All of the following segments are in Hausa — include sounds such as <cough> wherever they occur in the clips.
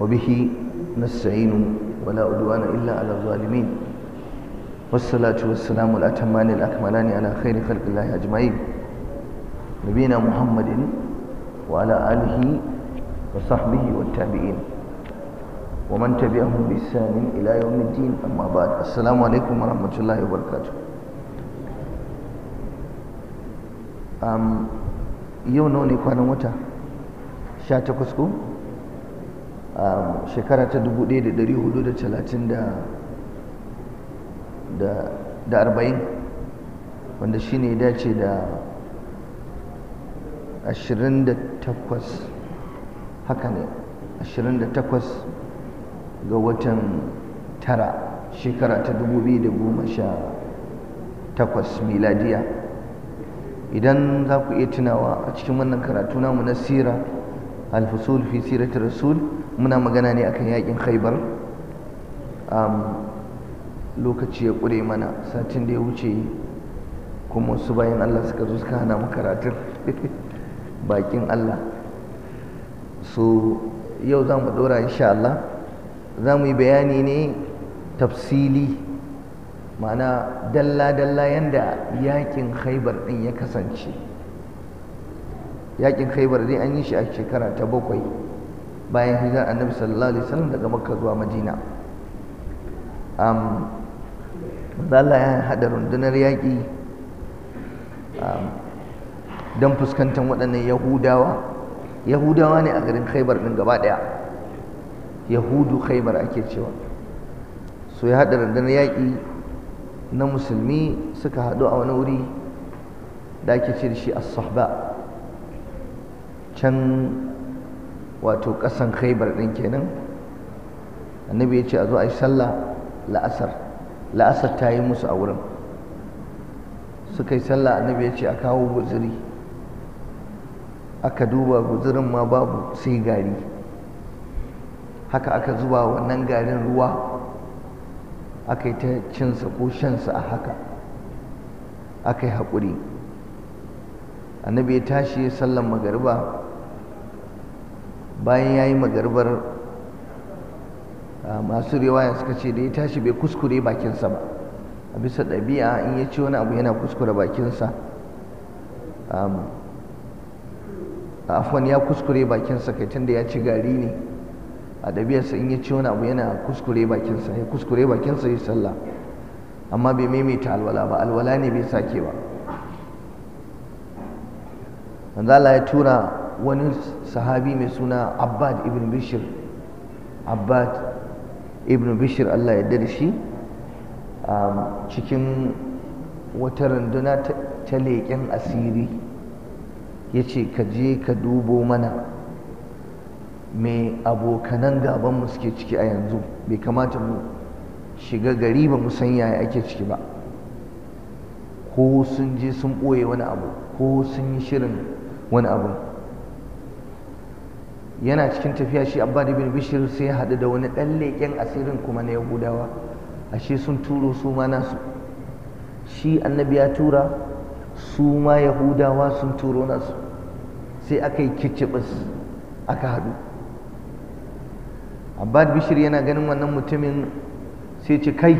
وبه نستعين ولا أدوان إلا على الظالمين والصلاة والسلام الأتمان الأكملان على خير خلق الله أجمعين نبينا محمد وعلى آله وصحبه والتابعين ومن تبعهم بإحسان إلى يوم الدين أما بعد السلام عليكم ورحمة الله وبركاته um, yau nawa ne kwanan wata sha takwas ko shekara ta 1440 wanda shi ne dace da 28 haka ne 28 ga watan tara shekara ta 2018 miladiya idan za ku iya tunawa a cikin wannan karatu namu na sira alfasul fi siratul rasul muna magana ne akan yakin khaibar lokaci ya kure mana satin da ya wuce kuma wasu bayan allah suka zo suka hana mu karatu <laughs> bakin allah so yau za mu ɗora insha allah za mu yi bayani ne tafsili ma'ana dalla-dalla yadda yakin khaibar ɗin ya kasance yakin khaibar din an yi shi a shekara ta bakwai bayan hijira annabi sallallahu alaihi wasallam daga makka zuwa madina um, Allah ya haɗa rundunar yaƙi don fuskantar waɗannan yahudawa yahudawa ne a garin khaibar ɗin gaba ɗaya yahudu khaibar ake cewa so ya haɗa rundunar yaƙi na musulmi suka haɗu a wani wuri da ake ce da shi as-sahba can wato kasan khaibar ɗin kenan annabi ya ce a zo a yi sallah la'asar la'asar ta yi musu a wurin suka yi sallah annabi ya ce a kawo guzuri aka duba guzurin ma babu sai gari haka aka zuba wannan garin ruwa aka yi ta cinsa ko shansa a haka aka yi haƙuri annabi ya tashi sallan magariba bayan ya yi magarbar ah, masu riwaya suka ce da ya tashi bai kuskure bakinsa ba a bisa ɗabi'a in ya ce wani abu yana kuskure bakinsa afwan ya kuskure bakinsa kai tunda ya ci gari ne a ɗabi'arsa in ya ce wani abu yana kuskure bakinsa ya kuskure bakinsa ya sallah amma bai maimaita alwala ba alwala ne bai sake ba manzala ya tura wani sahabi mai suna abbad ibn bishir abbad ibn bishir allah ya da shi um, cikin wata randuna ta leƙen asiri ya ce ka je ka dubo mana mai abokanan gabanmu suke ciki a yanzu bai kamata mu shiga gari ba mu san yaya ake ciki ba ko sun je sun ɓoye wani abu ko sun yi shirin wani abu yana cikin tafiya shi abba ibn bishir sai ya haɗu da wani ɗan leƙen asirin kuma na yahudawa shi sun turo su ma nasu shi annabi ya tura su ma yahudawa sun turo nasu sai aka yi kicibis aka haɗu abba bishir yana ganin wannan mutumin sai ce kai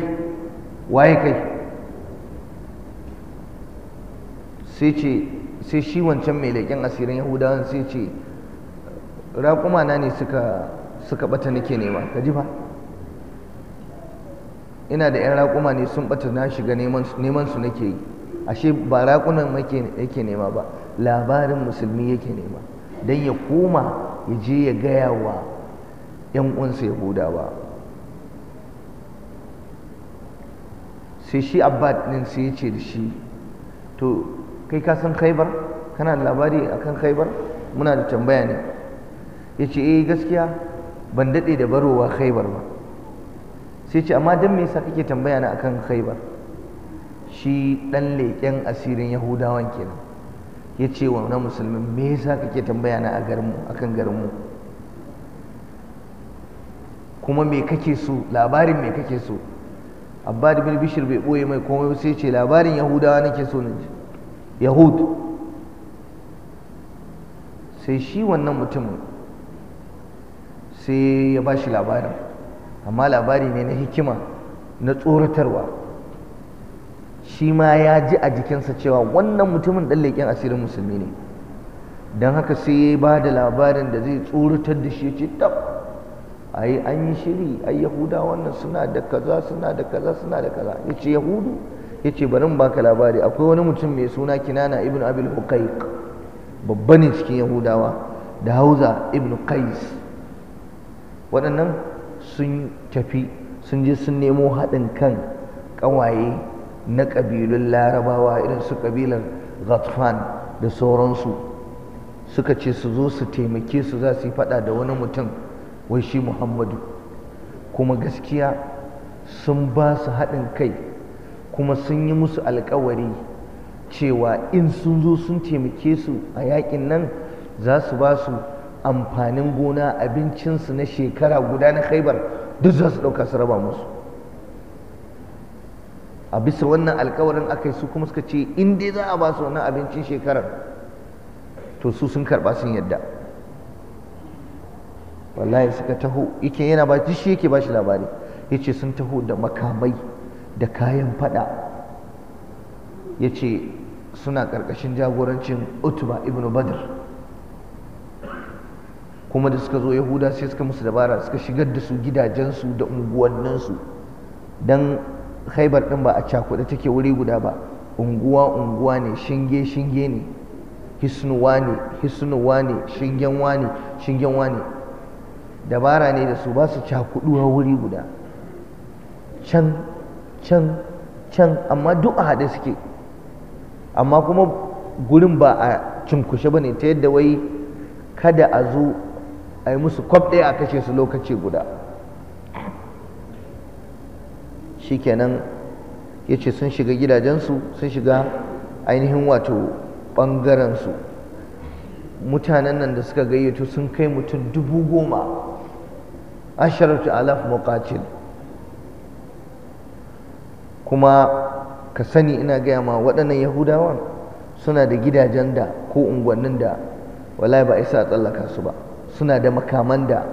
waye kai sai ce sai shi wancan mai leƙen asirin yahudawan sai ce raƙuma na ne suka suka bata nake nema ka ji ba, ina da 'yan raƙuma ne sun bata na shiga neman su nake yi ashe ba raƙunan yake nema ba labarin musulmi yake nema don ya koma ya je ya gaya wa 'yan uwansa ba sai shi abbad ɗin sai ya ce da shi to kai ka san khaibar kana labari akan khaibar muna da tambaya ne ya ce eh gaskiya ban daɗe da barowa khaibar ba sai ce amma don me yasa kake tambaya na akan khaibar shi ɗan leƙen asirin yahudawan kenan ya ce wa na musulmin me yasa kake tambaya na akan garinmu kuma me kake so labarin me kake so abba da bin bishir bai ɓoye mai komai sai ce labarin yahudawa nake so na ji yahud sai shi wannan mutumin sai ya ba shi labarin amma labari ne na hikima na tsoratarwa shi ma ya ji a jikinsa cewa wannan mutumin ɗan leƙen asirin musulmi ne don haka sai ya ba da labarin da zai tsoratar da shi ya ce tab yi an yi shiri a yahuda wannan suna da kaza suna da kaza suna da kaza ya ce yahudu ya ce bari baka labari akwai wani mutum mai suna kinana ibn abil hukaiq babba ne cikin yahudawa da hauza ibn qais waɗannan sun tafi sun je sun nemo haɗin kan ƙawaye na ƙabilun larabawa irin su ƙabilar ghatfan da sauransu suka ce su zo su taimake su za su yi faɗa da wani mutum wai shi muhammadu kuma gaskiya sun ba su haɗin kai kuma sun yi musu alkawari cewa in sun zo sun taimake su a yakin nan za su ba su amfanin gona abincinsu na shekara guda na khaibar duk za su ɗauka su raba musu a bisa wannan alkawarin aka yi su kuma suka ce in dai za a ba su wannan abincin shekarar to su sun karɓa sun yadda wallahi suka taho yake yana ba shi yake ba shi labari ya ce sun taho da makamai da kayan fada ya ce suna ƙarƙashin jagorancin utuba ibn badr kuma da suka zo yahuda sai suka musu dabara suka shigar da su gidajensu da unguwanninsu don haibar ɗin ba a cakuɗe take wuri guda ba unguwa unguwa ne shinge shinge ne hisnuwa ne hisnuwa ne shingenwa ne shingenwa ne dabara ne da su ba su cakuɗuwa wuri guda can can can amma duk a haɗe suke amma kuma gurin ba a cinkushe ba ne ta yadda wai kada a zo a yi musu kwab ɗaya a kashe su lokaci guda shikenan ya ce sun shiga gidajensu sun shiga ainihin wato ɓangarensu mutanen nan da suka gayyato sun kai mutum dubu goma asharatu alaf muqatil kuma ka sani ina gaya ma waɗannan yahudawan suna da gidajen da ko unguwannin da wallahi ba isa a tsallaka su ba suna da makaman da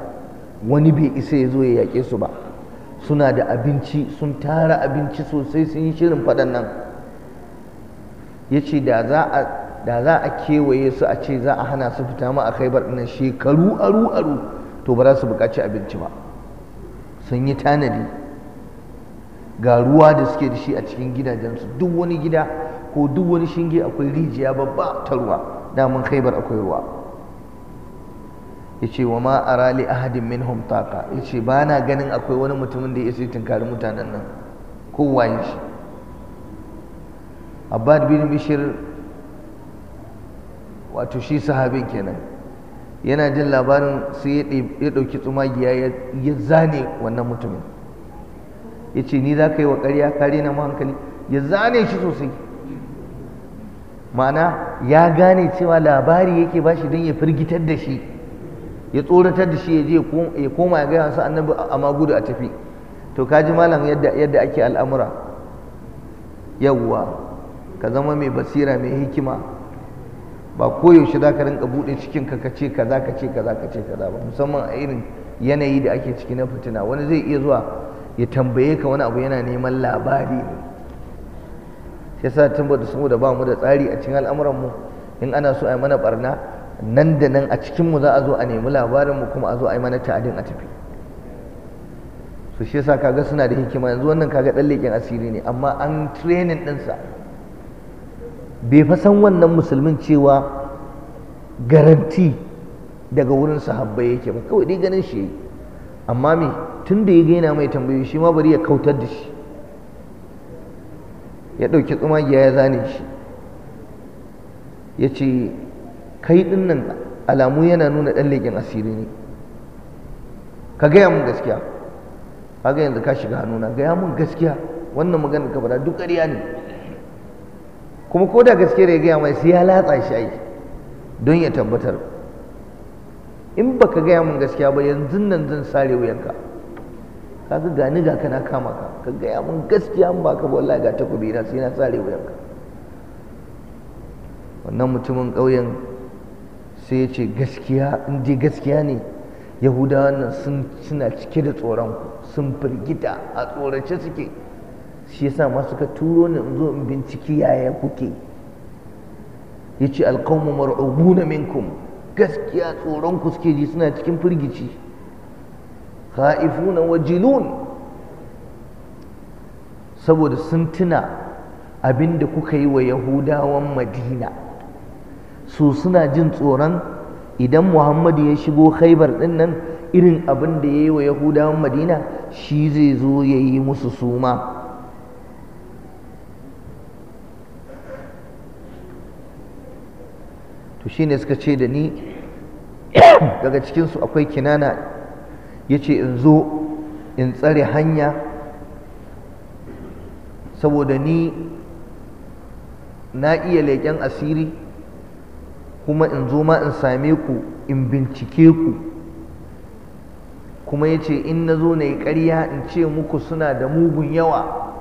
wani bai isa ya zo ya yaƙe su ba suna da abinci sun tara abinci sosai sun yi shirin faɗan nan ya ce da za a kewaye su a ce za a hana su fita ma a khaibar ɗinan shekaru aru aru to ba za su buƙaci abinci ba sun yi tanadi ga ruwa da suke da shi a cikin gidajensu duk wani gida ko duk wani shinge akwai rijiya babba ta ruwa damun khaibar akwai ruwa ya ce wa ma a li ahadin taka ya ce ba na ganin akwai wani mutumin da ya isa tunkari mutanen nan kowa shi abbad bin bishir wato shi sahabin kenan yana jin labarin sai ya ɗauki tsumagiya ya zane wannan mutumin ya ce ni za ka yi wa ƙarya kare na hankali ya zane shi sosai ma'ana ya gane cewa labari yake ba shi don ya firgitar da shi ya tsoratar da shi ya je ya koma ya gaya su annabi amma gudu a tafi to kaji malam yadda yadda ake al'amura yawwa ka zama mai basira mai hikima ba koyaushe za ka rinka buɗe cikin ka kace kaza kace kaza kace kaza ba musamman a irin yanayi da ake ciki na fitina wani zai iya zuwa ya tambaye ka wani abu yana neman labari ne sai sa tun ba da saboda ba mu da tsari a cikin al'amuran mu in ana so a yi mana barna nan da nan a cikinmu za a zo a nemi labarinmu kuma a zo a yi mana ta'adin a tafi su shi yasa kaga suna da hikima yanzu wannan kaga dan leƙen asiri ne amma an training ɗinsa bai fa san wannan musulmin cewa garanti daga wurin sahabbai yake ba kawai dai ganin shi amma me tun da ya gaina mai tambayoyi shi ma bari ya kautar da shi ya ɗauki tsumagiya ya zane shi ya ce kai din nan alamu yana nuna dan leƙen asiri ne ka gaya mun gaskiya kaga yanzu ka shiga hannuna gaya mun gaskiya wannan maganar ka duk ƙarya ne kuma ko da gaskiya da ya gaya mai sai ya latsa shi ai don ya tabbatar in ba ka gaya mun gaskiya ba yanzu nan zan sare wuyanka ga gani ga kana kama ka ka gaya mun gaskiya in ka ba wallahi ga takobi na sai na sare wuyanka wannan mutumin ƙauyen sai ya ce gaskiya in gaskiya ne yahudawa nan suna cike da tsoron sun firgita a tsorace suke shi yasa ma suka turo ni in zo in binciki yaya kuke ya ce alƙawmu mar'ubuna minkum gaskiya tsoron ku suke ji suna cikin firgici kha'ifuna wa jinun saboda sun tuna abin da kuka yi wa yahudawan madina su suna jin tsoron idan muhammadu ya shigo khaibar din nan irin abin da ya yi wa yahudawan madina shi zai zo ya yi musu suma to ne suka ce da ni daga cikinsu akwai kinana ya ce in zo in tsare hanya saboda ni na iya leƙen asiri kuma in zo ma in same ku in bincike ku kuma ya ce in na zo na yi ƙarya in ce muku suna da mugun yawa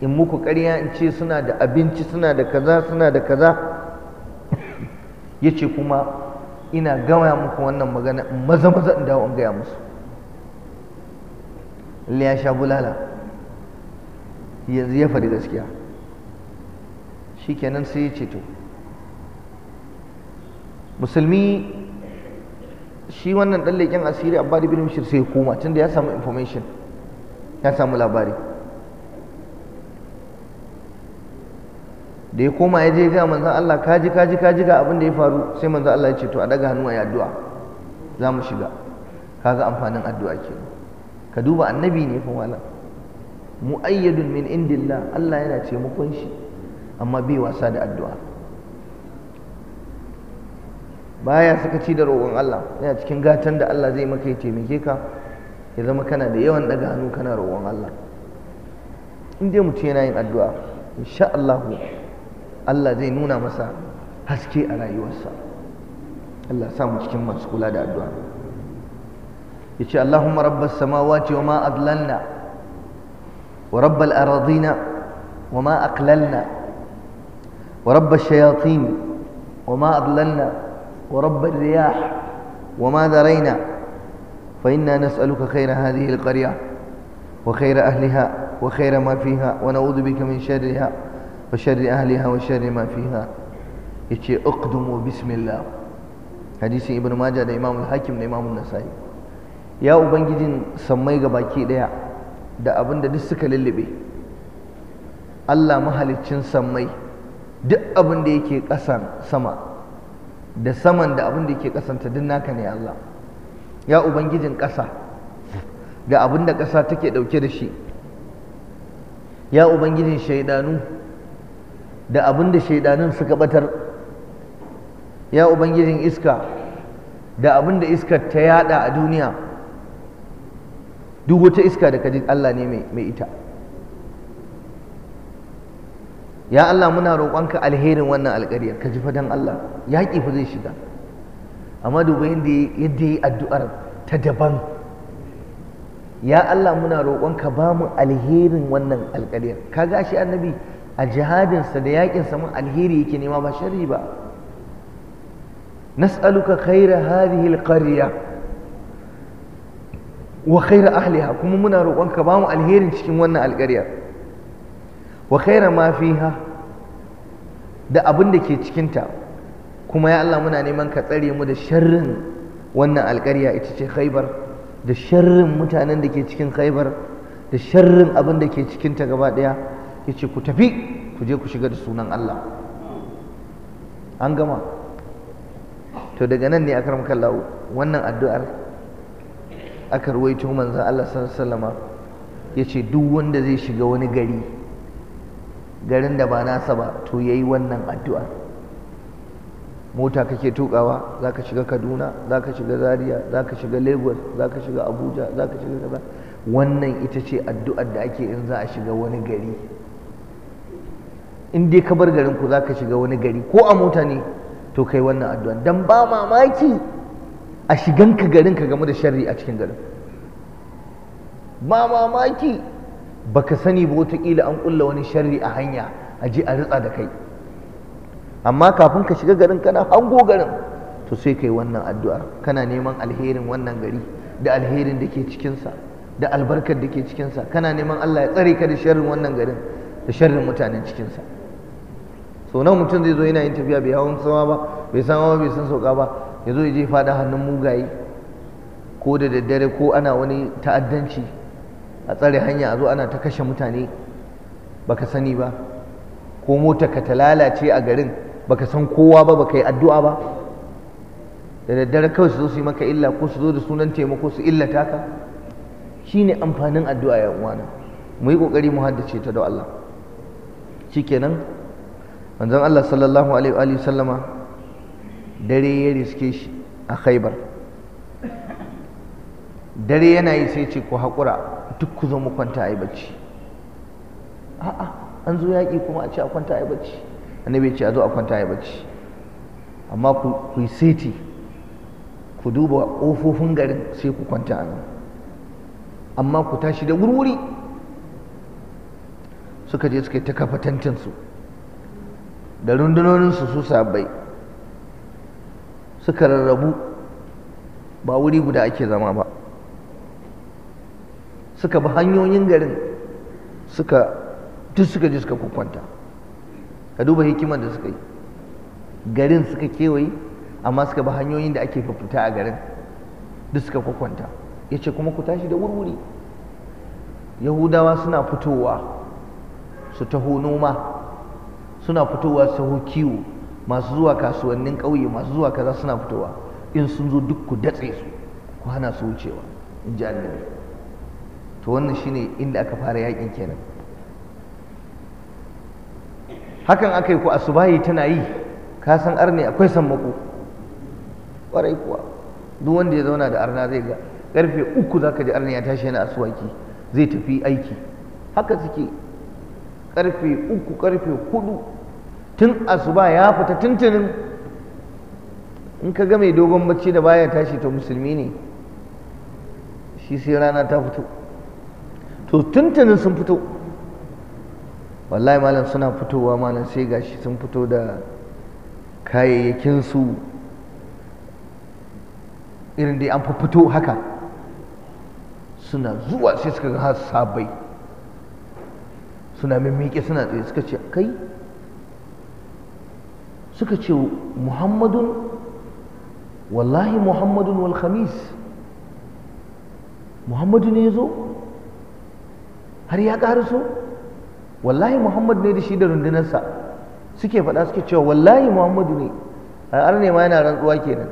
in muku ƙarya in ce suna da abinci suna da kaza suna da kaza ya ce kuma ina gama muku wannan magana in maza maza in dawo in gaya musu ya sha bulala yanzu ya faɗi gaskiya shi kenan sai ya ce to musulmi shi wannan dan leƙen asiri abba da bin mishir sai koma tunda ya samu information ya samu labari da ya koma ya je ga manzan Allah kaji kaji kaji ga abin da ya faru sai manzan Allah ya ce to a daga hannu a yi addu'a za mu shiga kaga amfanin addu'a ke ka duba annabi ne fa wala mu'ayyadun min indillah Allah yana taimakon shi amma bai wasa da addu'a baya sakaci da roƙon Allah yana cikin gatan da Allah zai maka ya taimake ka ya zama kana da yawan ɗaga hannu kana roƙon Allah in dai mutum yana yin addu'a insha Allah Allah zai nuna masa haske a rayuwarsa Allah sa mu cikin masu kula da addu'a yace Allahumma rabbas samawati wa ma adlalna wa rabbal aradina wa ma aqlalna wa rabbash shayatin wa ma adlalna ورب الرياح وما ذرينا فإنا نسألك خير هذه القرية وخير أهلها وخير ما فيها ونعوذ بك من شرها وشر أهلها وشر ما فيها يتشي أقدم بسم الله حديث ابن ماجه ده إمام الحاكم ده إمام النسائي يا أبن جدين سمي غباكي ده دا أبن دا دسك للبي الله Allah mahaliccin سمي دا أبن دا يكي قسان سمي da saman da abin da yake kasanta duk naka ne Allah ya ubangijin ƙasa da abin da ƙasa take ɗauke da shi ya ubangijin shaidanu da abin da shaidanun suka batar ya ubangijin iska da abin da iskar ta yada a duniya duk wata iska da kaji Allah ne mai ita ya Allah muna roƙonka alherin wannan alƙaryar ka jifa dan Allah yaƙi fa zai shiga amma duba yadda yadda yi addu'ar ta daban ya Allah muna roƙonka ba mu alherin wannan alƙaryar ka shi annabi a jihadinsa da yaƙinsa mun alheri yake nema ba sharri ba nas'aluka khaira hadhihi alqarya wa khaira ahliha kuma muna roƙonka ba mu alherin cikin wannan alƙaryar wa khaira ma fiha da abin da ke cikinta kuma ya Allah muna neman ka tsare mu da sharrin wannan alƙarya ita ce khaibar da sharrin mutanen da ke cikin khaibar da sharrin abin da ke cikinta gaba ɗaya ya ce ku tafi ku je ku shiga da sunan Allah an gama to daga nan ne akram kallahu wannan addu'ar aka ruwaito manzo Allah sallallahu alaihi wasallama yace duk wanda zai shiga wani gari garin da ba nasa ba to ya yi wannan addu'a mota kake tukawa ka shiga Kaduna za ka shiga Zaria ka shiga Lagos ka shiga Abuja za ka shiga kaza wannan ita ce addu'ar da ake in za a shiga wani gari in dai ka bar garin ku ka shiga wani gari ko a mota ne to kai wannan addu'ar Don ba mamaki a shiganka garin ka game da sharri a cikin garin ba mamaki baka sani ba watakila an ƙulla wani sharri a hanya a je a ritsa da kai amma kafin ka shiga garin kana hango garin to sai kai wannan addu'a kana neman alherin wannan gari da alherin da ke cikinsa da albarkar da ke cikinsa kana neman Allah ya tsare ka da sharrin wannan garin da sharrin mutanen cikinsa so nan mutum zai zo yana yin tafiya bai hawan sama ba bai sama ba bai san sauka ba ya zo ya je faɗa hannun mugaye ko da daddare ko ana wani ta'addanci a tsare hanya a zo ana ta kashe mutane baka sani ba ko mota ka ta lalace a garin baka san kowa ba baka yi addu'a ba da daddare kawai su zo su yi maka illa ko su zo da sunan taimako su illata ka shine amfanin addu'a ya uwana mu yi kokari mu haddace ta da Allah shikenan manzon Allah sallallahu alaihi wa sallama dare ya riske shi a Khaibar dare yana yi sai ce ku haƙura duk ku zo mu kwanta ai bacci a'a an zo yaƙi kuma a ce a kwanta ai bacci annabi ya ce a zo a kwanta ai bacci amma ku yi seti ku duba ƙofofin garin sai ku kwanta a nan amma ku tashi da wurwuri suka je suka yi ta kafa tantinsu da rundunoninsu su sabai suka rarrabu ba wuri guda ake zama ba suka bi hanyoyin garin suka duk suka je suka kukwanta ka duba hikimar da suka yi garin suka kewaye amma suka bi hanyoyin da ake fita a garin duk suka kukwanta ya ce kuma ku tashi da wurwuri yahudawa suna fitowa su taho noma suna fitowa su taho kiwo masu zuwa kasuwannin ƙauye masu zuwa kaza suna fitowa in sun zo duk ku datse su ku hana su wucewa in ji annabi to wannan shine inda aka fara yakin kenan hakan aka yi ko asubahi tana yi ka san arne akwai sammako ƙwarai kuwa duk wanda ya zauna da arna zai ga karfe uku za ka ji arne ya tashi yana asuwaki zai tafi aiki haka suke karfe uku karfe hudu tun asuba ya fita tuntunin in ka ga mai dogon bacci da baya tashi to musulmi ne shi sai rana ta fito to tuntunin sun fito wallahi malam suna fitowa malam sai gashi sun fito da kayayyakinsu irin da an fito haka suna zuwa sai suka ga sabai suna mimmiƙe suna tsaye suka ce kai suka ce muhammadun wallahi muhammadun wal khamis muhammadu ne ya zo har ya so wallahi muhammad ne da shi da rundunarsa suke faɗa suke cewa wallahi muhammadu ne a arne ma yana rantsuwa kenan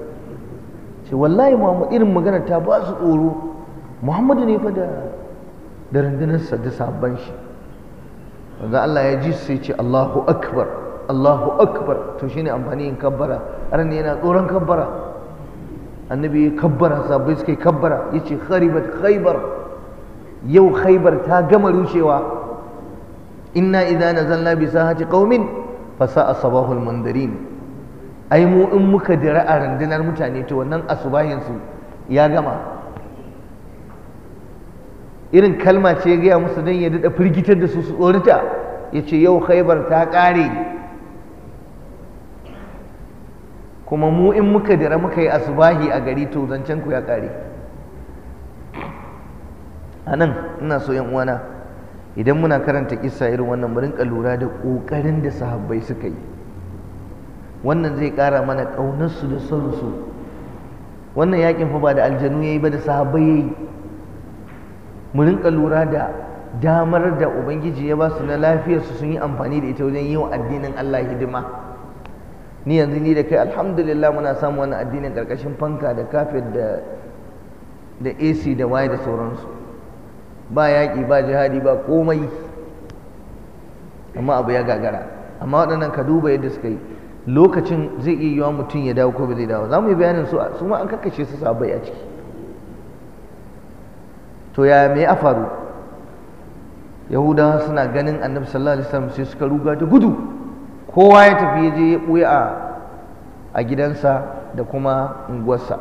ce wallahi muhammad irin magana ta ba su tsoro muhammadu ne fa da da rundunarsa da sabon shi wanda Allah ya ji sai ce Allahu akbar Allahu akbar to shine amfani yin kabbara arne yana tsoron kabbara annabi ya kabbara sabai suka yi kabbara ce kharibat khaybar yau khaibar ta gama rushewa inna idza nazalna bi sahati qaumin fa sa'a sabahul mundirin ai mu in muka dira a rundunar mutane to wannan asubahin su ya gama irin kalma ce ya gaya musu dan ya dada firgitar da su su tsorita yace yau khaibar ta kare. kuma mu in muka dira muka yi asubahi a gari to zancen ku ya kare. a nan ina so yan uwana idan muna karanta kisa irin wannan mu rinka lura da ƙoƙarin da sahabbai suka yi wannan zai kara mana ƙaunarsu da son su wannan yakin fa ba da aljanu yayi ba da sahabbai yayi mu rinka lura da damar da ubangiji ya ba su na lafiyarsu sun yi amfani da ita wajen yi wa addinin Allah hidima ni yanzu ni da kai alhamdulillah muna samun wannan addinin karkashin fanka da kafet da AC da waya da sauransu ba yaƙi ba jihadi ba komai amma abu ya gagara amma waɗannan ka duba yadda suka yi lokacin zai iya yiwa mutum ya dawo ko ba zai dawo za mu yi bayanin su su ma an kakkashe su sabai a ciki to ya me ya faru yahudawa suna ganin annabi sallallahu alaihi wasallam sai suka ruga da gudu kowa ya tafi ya je ya ɓuya a gidansa da kuma unguwarsa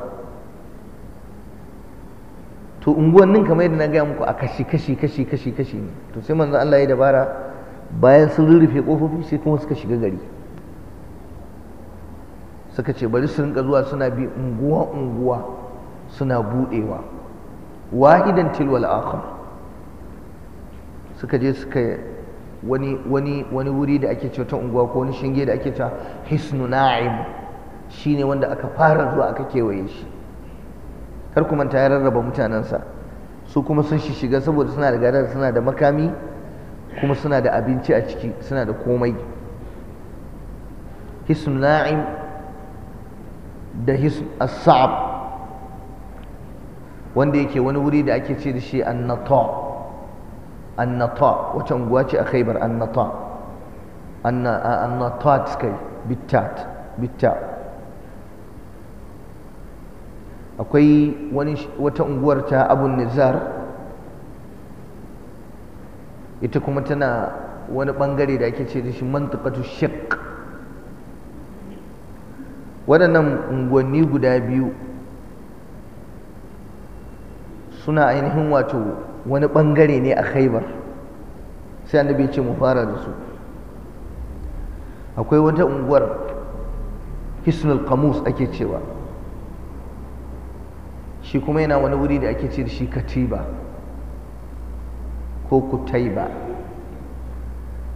to unguwannin kamar yadda na gaya muku a kashi kashi kashi kashi kashi ne to sai manzo Allah ya dabara bayan sun rurrufe kofofi sai kuma suka shiga gari suka ce bari su rinka zuwa suna bi unguwa unguwa suna budewa wahidan wal akhar suka je suka wani wani wani wuri da ake cewa ta unguwa ko wani shinge da ake cewa hisnu na'im shine wanda aka fara zuwa aka kewaye shi kar ku manta ya rarraba mutanensa su kuma sun shiga saboda suna da gadar suna da makami kuma suna da abinci a ciki suna da komai hisn na'im da hisn as-sa'ab wanda yake wani wuri da ake ce da shi annata annata wata unguwa ce a khaibar annata annatat kai bittat bittat akwai wata unguwar ta abun nizar ita kuma tana wani bangare da ake ce da shi mantakatu shek waɗannan unguwanni guda biyu suna ainihin wato wani bangare ne a khaibar sai annabi ce mu fara da su akwai wata unguwar hisnul kamus ake cewa shi kuma yana wani wuri da ake ce da shi katiba ko kutaiba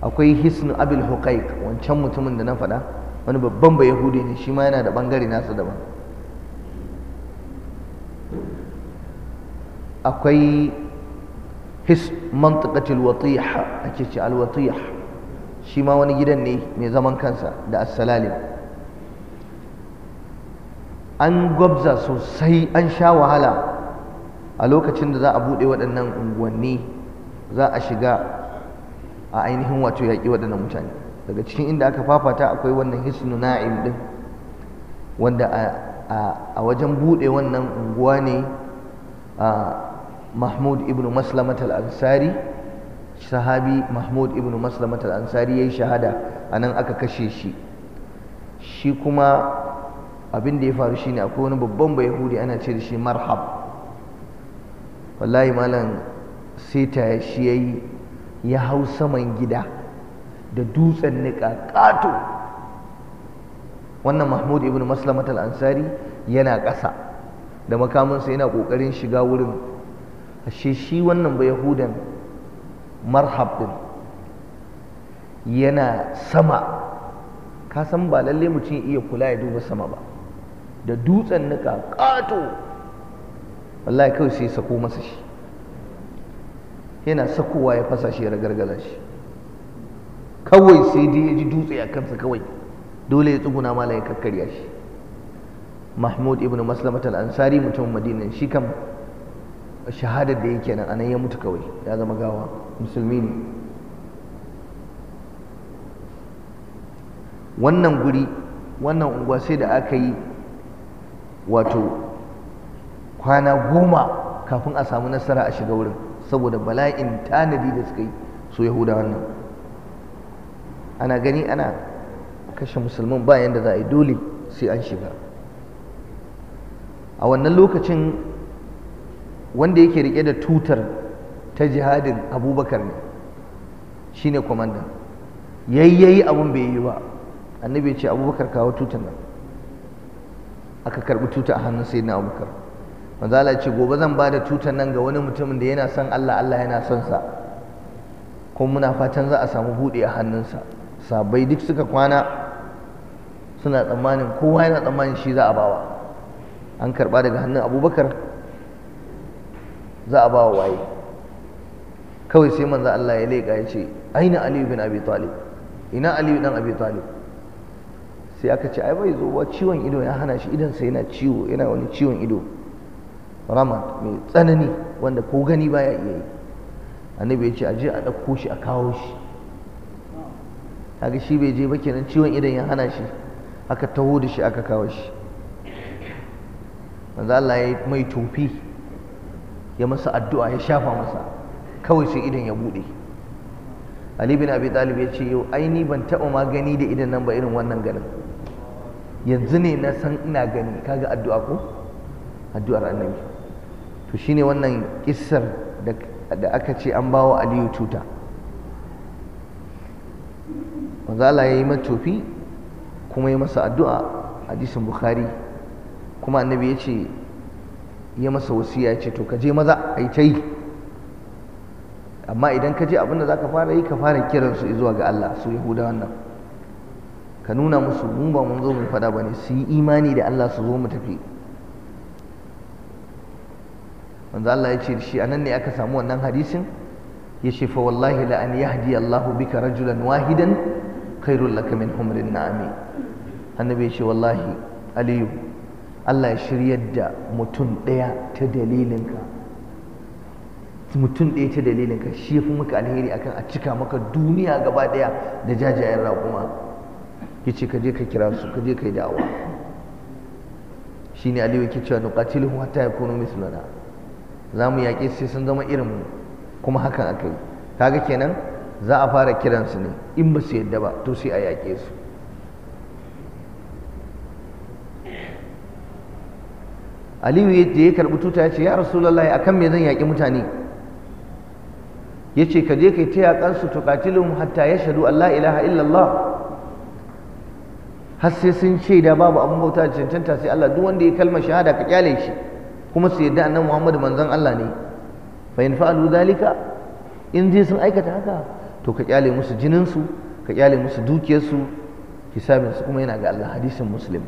akwai hisn abil huqaiq wancan mutumin da na faɗa wani babban ba yahudi ne shi ma yana da bangare nasa daban akwai his mantakatil watiha ake ce al shi ma wani gidan ne mai zaman kansa da asalalin. an gwabza sosai an sha wahala a lokacin da za a buɗe waɗannan unguwanni za a shiga a ainihin wato yaƙi waɗannan mutane daga cikin inda aka fafata akwai wannan hisnu na'im ɗin wanda a wajen buɗe wannan unguwa ne a mahmud ibn maslamat al-ansari sahabi mahmud ibn maslamat al-ansari ya yi shahada a nan aka kashe shi shi kuma abin da ya faru shine akwai wani babban bayahudi ana ce da shi marhab wallahi malam sai ta shi yayi ya hau saman gida da dutsen niƙa ƙato wannan mahmud ibn maslamat al-ansari yana ƙasa da makaminsa yana ƙoƙarin shiga wurin ashe shi wannan bayahudan marhab din yana sama ka san ba lalle mutum iya kula ya duba sama ba da dutsen nuka ƙato wallahi kawai sai sako masa shi yana sakowa ya fasa shi ya ragargaza shi kawai sai dai ya ji dutse a kansa kawai dole ya tsuguna mala ya kakkarya shi mahmud ibn maslamat al-ansari mutumin madinan shi kam shahadar da yake nan anan ya mutu kawai ya zama gawa musulmi ne wannan guri wannan unguwa sai da aka yi wato kwana goma kafin a samu nasara a shiga wurin saboda bala'in tanadi da suka yi su yahuda wannan ana gani ana kashe musulman bayan da za a yi dole sai an shiga a wannan lokacin wanda yake rike da tutar ta jihadin abubakar ne shine kwamandan yayyayi abin bai yi ba annabi ce abubakar kawo tutar nan aka karbi tuta a hannun sai na abubakar manzo Allah ya ce gobe zan ba da tutan nan ga wani mutumin da yana son Allah Allah yana son sa kuma muna fatan za a samu buɗe a hannunsa sabai duk suka kwana suna tsammanin kowa yana tsammanin shi za a bawa an karɓa daga hannun abubakar za a bawa waye kawai sai manzo Allah ya leƙa ya ce aina aliyu bin abi talib ina aliyu dan abi talib sai aka ce ai bai zo ba ciwon ido ya hana shi idan sai yana ciwo yana wani ciwon ido rama mai tsanani wanda ko gani baya iya yi annabi ya ce aje a ɗauko shi a kawo shi kaga shi bai je ba kenan ciwon idan ya hana shi aka taho da shi aka kawo shi manzo Allah ya mai tofi ya masa addu'a ya shafa masa kawai sai idan ya bude Ali bin Abi Talib ya ce yau aini ban taɓa magani da idan nan ba irin wannan ganin yanzu ne na san ina gani kaga addu'a ko addu'ar annabi to shine wannan kissar da aka ce an bawa aliyu tuta manzo Allah ya yi matofi kuma ya masa addu'a hadisin bukhari kuma annabi ya ce ya masa wasiya ya ce to ka je maza a yi ta yi amma idan ka je abin da za ka fara yi ka fara kiransu zuwa ga Allah su yahuda wannan ka nuna musu mun ba mun zo mu fada bane su yi imani da Allah su zo mu tafi wanda Allah ya ce shi anan ne aka samu wannan hadisin ya ce fa wallahi la an yahdi Allahu bika rajulan wahidan khairul lak min humrin na'ami annabi ya ce wallahi aliyu Allah ya shiryar da mutum ɗaya ta dalilinka mutum ɗaya ta dalilinka shi ya fi muka alheri akan a cika maka duniya gaba ɗaya da jajayen raƙuma ce ka je ka kira su ka je ka yi da'awa ne aliyu yake cewa nuqatiluhum hatta yakunu mislana za mu yaƙe sai sun zama irin mu kuma hakan aka yi kaga kenan za a fara kiransu ne in ba su yadda ba to sai a yaƙe su aliyu da ya karɓi tuta ya ce ya rasulallah a kan me zan yaƙi mutane ya ce ka je ka yi ta yaƙansu to katilun hatta ya shaɗu allah ilaha illallah har sai sun ce da babu abin bauta cancanta sai Allah duk wanda ya kalma shahada ka kyale shi kuma su yadda annabi Muhammadu manzon Allah ne fa in fa'alu zalika in dai sun aikata haka to ka kyale musu jinin su ka kyale musu dukiyar su hisabin su kuma yana ga Allah hadisin muslim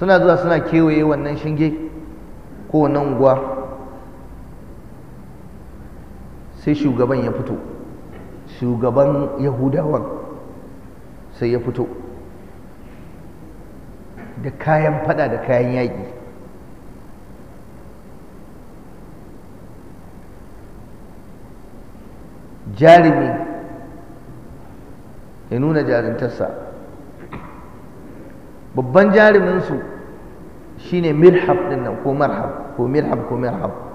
suna zuwa suna kewaye wannan shinge ko wannan unguwa sai shugaban ya fito shugaban yahudawan sai ya fito da kayan fada da kayan yaƙi jarumi ya nuna jarintarsa babban jaruminsu shine mirhab ɗin nan ko marhab ko mirhab ko mirhab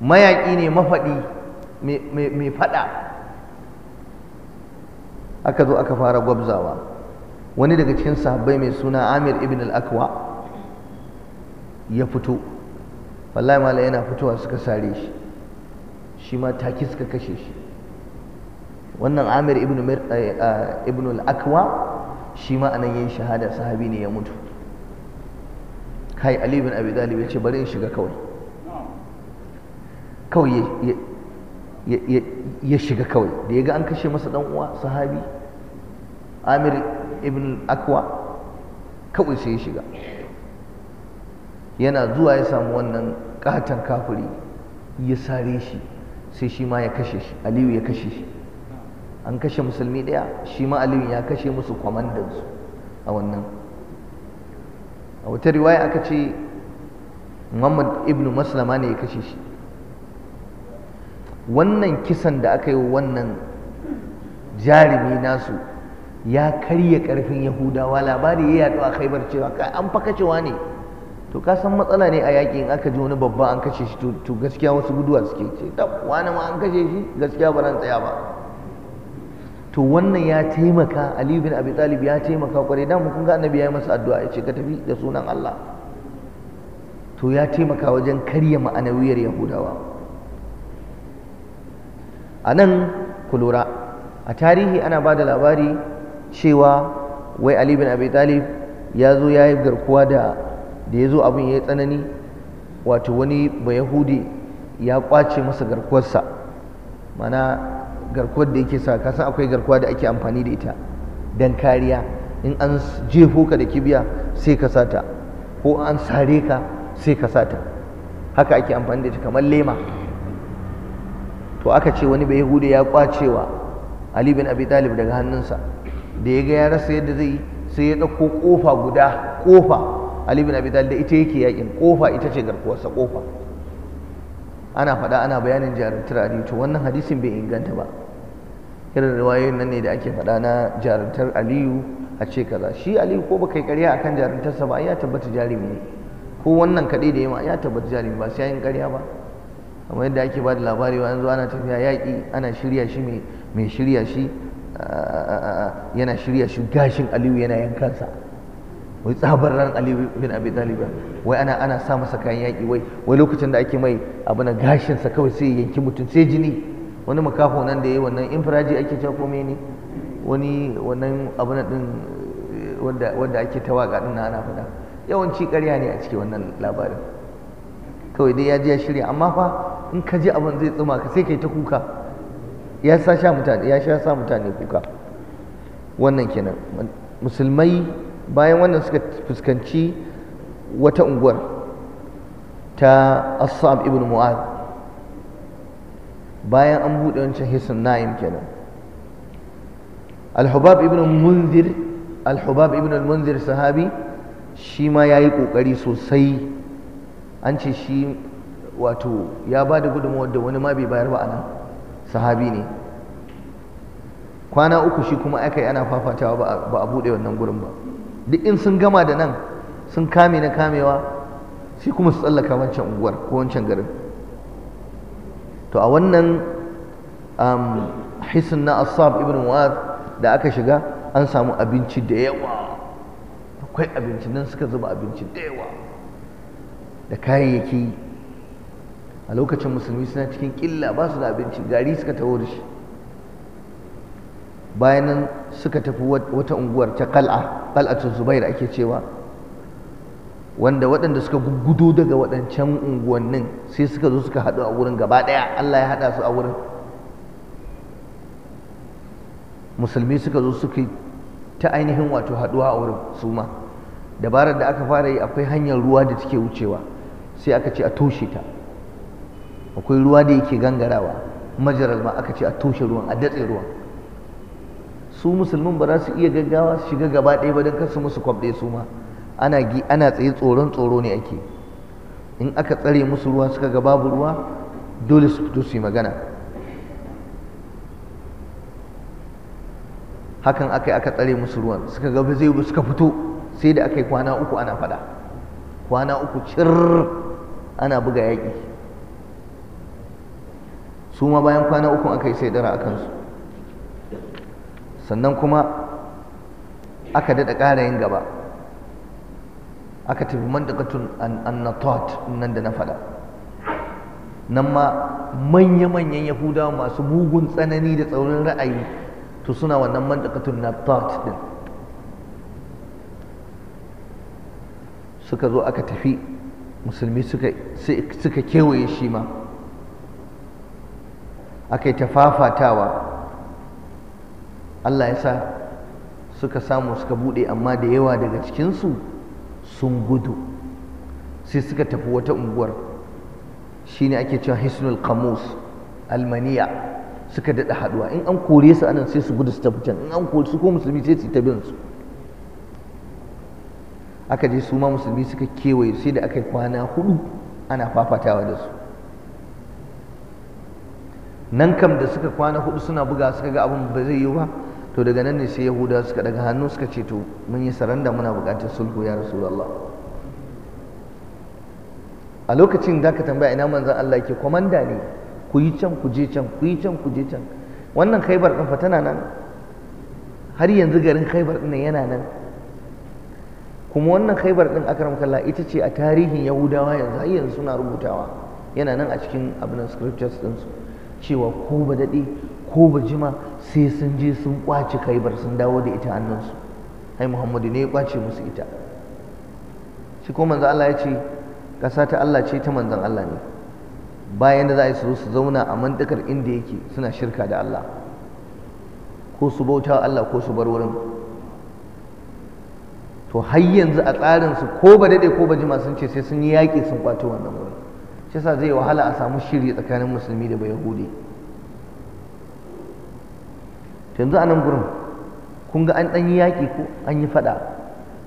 mayaƙi ne mafaɗi mai faɗa aka zo aka fara gwabzawa wani daga cikin sahabbai mai suna amir ibn al-akwa ya fito wallahi mala yana fitowa suka sare shi shi ma taki suka kashe shi wannan amir ibn eh, eh, al-akwa shi ma anan yin shahada sahabi ne ya mutu kai ali bin abi talib ya ce bari in shiga kawai kawai ya shiga kawai da ya ga an kashe masa dan uwa sahabi amir ibn akwa kawai sai ya shiga yana zuwa ya samu wannan katon kafuri ya sare shi sai shi ma ya kashe shi aliyu ya kashe shi an kashe musulmi ɗaya shi ma aliyu ya kashe musu kwamandansu a wannan a wata riwaya aka ce muhammad ibn maslama ne ya kashe shi wannan kisan da aka yi wa wannan jarumi nasu ya karya karfin yahudawa labari ya yaɗu a khaibar cewa an fa kacewa ne to ka san matsala ne a yaƙi in aka ji wani babba an kashe shi to gaskiya wasu guduwa suke ce tab wani ma an kashe shi gaskiya ba ran tsaya ba to wannan ya taimaka Ali bin Abi Talib ya taimaka kwarai dan kun ga annabi ya yi masa addu'a ya ce ka tafi da sunan Allah to ya taimaka wajen karya ma'anawiyar yahudawa a nan ku lura a tarihi ana ba da labari cewa wai ali bin abi talib ya zo ya yi garkuwa da da ya zo abin ya yi tsanani wato wani bayahudi ya kwace masa garkuwarsa mana garkuwar da yake sa kasan akwai garkuwa da ake amfani da ita don kariya in an jefo ka da kibiya sai ka sata ko an sare ka sai ka sata haka ake amfani da ita kamar lema to aka ce wani bai hude ya kwacewa ali bin abi talib daga hannunsa da ya ga ya rasa yadda zai yi sai ya ɗauko ƙofa guda ƙofa ali bin abi talib da ita yake yakin ƙofa ita ce garkuwarsa ƙofa ana faɗa ana bayanin jarumtar ali to wannan hadisin bai inganta ba irin riwayoyin nan ne da ake faɗa na jarumtar aliyu a ce kaza shi aliyu ko baka yi ƙarya akan jarumtarsa ba ya tabbata jarumi ne ko wannan kaɗai da ya ma ya tabbata jarumi ba sai yin ƙarya ba kamar yadda ake ba da labari wa yanzu ana tafiya yaƙi ana shirya shi mai shirya shi ah, yana shirya shi gashin aliyu yana yankansa wai tsabar ran aliyu bin abi talib wai ana sa masa kayan yaƙi wai wai lokacin da ake mai abu na gashinsa kawai sai yanki mutum sai jini wani makafo nan da ya yi wannan infiraji ake cewa ko ne wani wannan abu na din eh, wanda ake tawaka din na ana faɗa yawanci ƙarya ne a cikin wannan labarin kawai dai ya ji ya shirya amma fa in ka ji abin zai tsuma ka sai kai ta kuka ya sa sha mutane ya sha sa mutane kuka wannan kenan musulmai bayan wannan suka fuskanci wata unguwar ta Asab ibn Mu'ad bayan an buɗe wancan Hisan Na'im kenan Al-Hubab ibn Munzir Al-Hubab ibn Munzir sahabi shi ma yayi kokari sosai an ce shi wato ya ba da gudunmawar da wani ma bai bayar ba a nan sahabi ne kwana uku shi kuma aka yi ana fafatawa ba a buɗe wannan gurin ba duk in sun gama da nan sun kame na kamewa shi kuma su tsallaka wancan unguwar ko wancan garin to a wannan um, hisin na asab ibn wa'ad da aka shiga an samu abinci da yawa akwai abinci nan suka zuba abinci da yawa da kayayyaki a lokacin musulmi suna cikin killa ba su da abinci gari suka taho da shi bayan nan suka tafi wata unguwar ta kal'a kal'atun zubair ake cewa wanda waɗanda suka gudu daga waɗancan unguwannin sai suka zo suka haɗu a wurin gaba ɗaya Allah ya haɗa su a wurin musulmi suka zo suka ta ainihin wato haɗuwa a wurin su ma dabarar da aka fara yi akwai hanyar ruwa da take wucewa sai aka ce a toshe ta akwai ruwa da yake gangarawa majaral ma aka ce a toshe ruwan a datse ruwan su musulmin ba za su iya gaggawa su shiga gaba ɗaya ba don kasu musu kwab ɗaya su ma ana ana tsaye tsoron tsoro ne ake in aka tsare musu ruwa suka ga babu ruwa dole su fito su yi magana hakan aka yi aka tsare musu ruwan suka ga zai suka fito sai da aka yi kwana uku ana faɗa kwana uku cir ana buga yaƙi su ma bayan kwana uku aka yi sai dara a kansu sannan kuma aka daɗa ƙara yin gaba aka tafi mandakatun annatot nan da na faɗa nan ma manya-manyan yahudawa masu bugun tsanani da tsaurin ra'ayi to suna wannan mandakatun natot din suka zo aka tafi musulmi suka kewaye shi ma aka yi tafafatawa Allah ya sa suka samu suka buɗe amma da yawa daga cikinsu sun gudu sai suka tafi wata unguwar shi ne ake cewa hisnul kamus almaniya suka daɗa haɗuwa in an kore su anan sai su gudu su tafi can in an kore su ko musulmi sai su ta bin su aka je su ma musulmi suka kewaye sai da aka yi kwana hudu ana fafatawa da su nan kam da suka kwana hudu suna buga suka ga abin ba zai yi ba to daga nan ne sai yahuda suka daga hannu suka ce to mun yi saranda muna bukatar sulhu ya rasulullah a lokacin da ka tambaya ina manzon Allah ke komanda ne ku yi can ku je can ku yi can ku je can wannan khaibar din fa tana nan har yanzu garin khaibar din yana nan kuma wannan khaibar din akram kallah ita ce a tarihin yahudawa yanzu har yanzu suna rubutawa yana nan a cikin abin scriptures din su cewa ko ba dade ko ba jima sai sun je sun kwaci khaibar sun dawo da ita su, ai muhammadu ne ya kwace musu ita shi ko manzo Allah ya ce ƙasa ta Allah ce ta manzon Allah ne bayan da za a yi su su zauna a mantakar inda yake suna shirka da Allah ko su bauta Allah ko su bar wurin to har yanzu a tsarinsu ko ba daɗe ko ba jima sun ce sai sun yi yaƙi sun kwato wannan wurin shi yasa zai wahala a samu shiri tsakanin musulmi da bayahudi yanzu a nan gurin kun ga an ɗan yi yaƙi ko an yi faɗa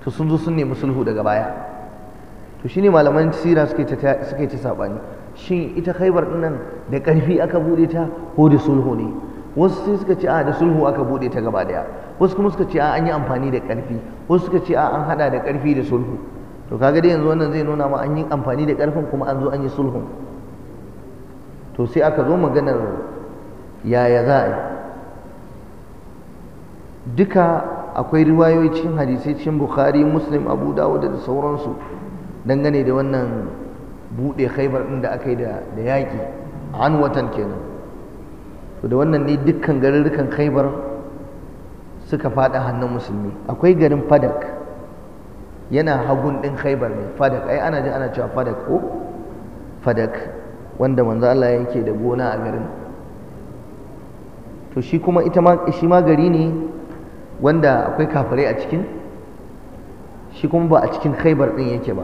to sun zo sun nemi sulhu daga baya to shine malaman sira suke ta saɓani shin ita khaibar ɗin nan da ƙarfi aka buɗe ta ko da sulhu ne wasu sai suka ce a da sulhu aka bude ta gaba daya wasu kuma suka ce a an yi amfani da karfi wasu suka ce a an hada da karfi da sulhu to kaga dai yanzu wannan zai nuna ma an yi amfani da karfin kuma an zo an yi sulhun to sai aka zo maganar yaya za a yi duka akwai riwayoyi cikin hadisai cikin bukhari muslim abu dawud da sauransu dangane da wannan bude khaibar ɗin da aka yi da yaƙi an watan kenan to da wannan ne dukkan garurrukan khaibar suka faɗa hannun musulmi akwai garin fadak yana hagun ɗin khaibar ne fadak ai ana ji ana cewa fadak ko fadak wanda manzo Allah yake da gona a garin to shi kuma ita ma shi ma gari ne wanda akwai kafirai a cikin shi kuma ba a cikin khaibar ɗin yake ba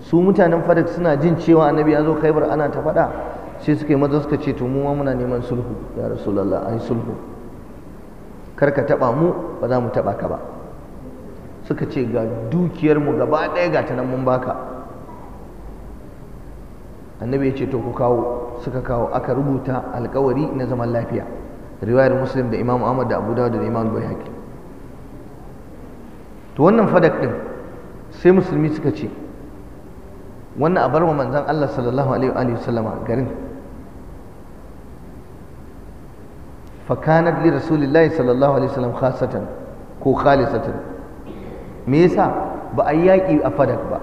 su mutanen fadak suna jin cewa annabi ya zo khaibar ana ta faɗa sai suka yi maza suka ce to mu ma muna neman sulhu ya lalla ai sulhu kar ka taba mu ba za mu taba ka ba suka ce ga dukiyar mu gaba ɗaya ga ta nan mun baka annabi ya ce to ku kawo suka kawo aka rubuta alkawari na zaman lafiya riwayar muslim da imam ahmad da abu dawud da imam bayhaqi to wannan fadak din sai musulmi suka ce wannan a barwa manzon Allah sallallahu alaihi wa sallama garin فكانت لرسول الله sallallahu alaihi عليه وسلم ko كو me yasa ba a yaki a fadak ba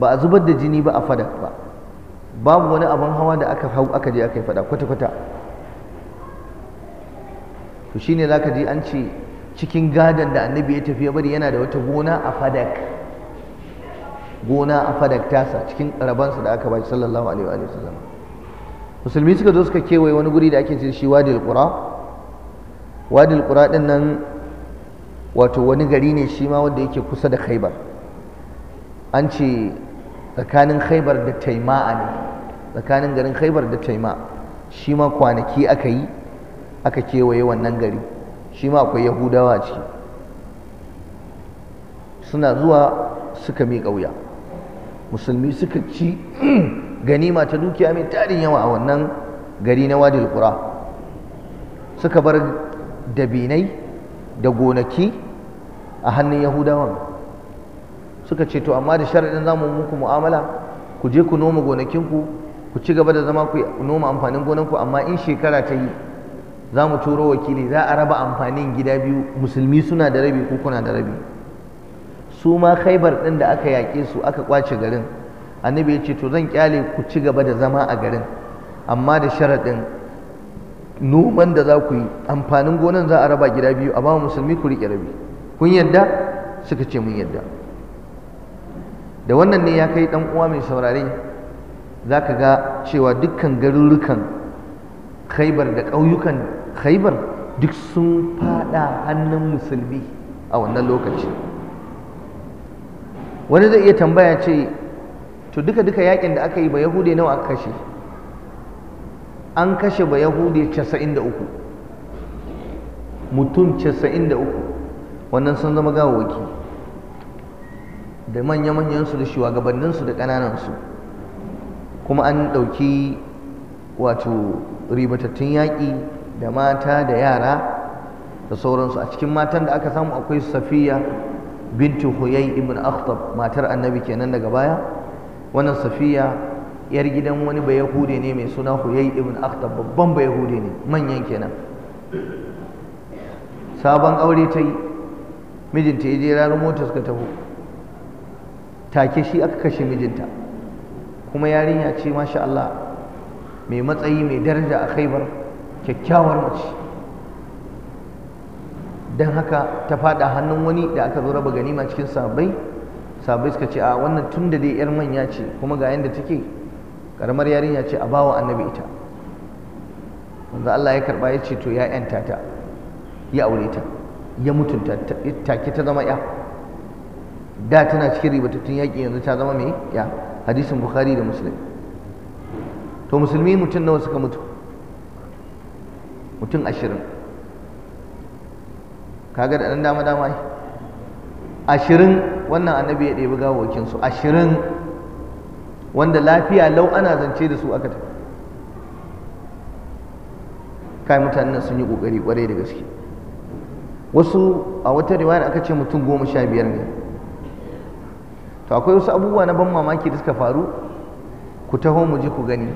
ba zubar da jini ba a fadak ba babu wani abin hawa da aka hau aka je aka yi fada kwata-kwata to shine zaka ji an ce cikin gadon da annabi ya tafi ya bari yana da wata gona a fadak gona tasa cikin rabansa da aka bashi sallallahu alaihi wa sallam musulmi suka zo suka kewaye wani guri da ake ce shi wadil qura wadil qura din nan wato wani gari ne shi ma wanda yake kusa da khaybar an ce tsakanin khaybar da taima'a ne tsakanin garin khaybar da taima shi ma kwanaki aka yi aka kewaye wannan gari shi ma akwai yahudawa ciki suna zuwa suka miƙa wuya musulmi suka ci <clears throat> ganima ta dukiya mai tarin yawa a wannan gari na wadi kura suka bar dabinai da gonaki a hannun yahudawan suka ce to amma da sharaɗin za mu muku mu'amala ku je ku noma gonakinku ku ci gaba da zama ku noma amfanin gonanku amma in shekara ta yi za mu turo wakili za a raba amfanin gida biyu musulmi suna da rabi ko kuna da rabi su ma khaibar ɗin da aka yaƙe su aka kwace garin annabi ya ce to zan kyale ku ci gaba da zama a garin amma da sharaɗin noman da za ku yi amfanin gonan za a raba gida biyu a ba musulmi ku riƙe rabi kun yadda suka ce mun yadda da wannan ne ya kai ɗan uwa mai saurare za ka ga cewa dukkan garurrukan khaibar da ƙauyukan khaibar duk sun fada hannun musulmi a wannan lokaci wani zai iya tambaya ce to duka duka yakin da aka yi ba yahudi nawa aka kashe an kashe ba yahudi 93 mutum 93 wannan sun zama gawawaki da manya-manyansu da su da ƙananansu kuma an ɗauki wato ribatattun yaƙi da mata da yara da sauransu a cikin matan da aka samu akwai safiya bintu huyai ibn akhtab matar annabi kenan daga baya wannan safiya yar gidan wani bayahude ne mai suna huyai ibn akhtab babban bayahude ne manyan kenan sabon aure ta yi mijinta ya je ranar mota suka taho take shi aka kashe mijinta kuma yarinya ce masha Allah mai matsayi mai daraja a khaibar kyakkyawar mace don haka ta fada hannun wani da aka zo raba ganima cikin sabai sabai suka ce a wannan tun da dai yar manya ce kuma ga yadda take karamar yarinya ce a bawa annabi ita wanda Allah ya karba ya ce to ya yanta ta ya aure ta ya mutunta ta take ta zama ya da tana cikin ribatattun yaƙi yanzu ta zama mai ya hadisin bukhari da muslim to musulmi mutum nawa suka mutu mutum ashirin kaga da ɗan dama dama ashirin wannan annabi ya ɗebi gawokinsu ashirin wanda lafiya lau ana zance da su aka tafi kai mutanen nan sun yi ƙoƙari ƙwarai da gaske wasu a wata riwaya aka ce mutum goma sha biyar ne to akwai wasu abubuwa na ban mamaki da suka faru ku taho mu ji ku gani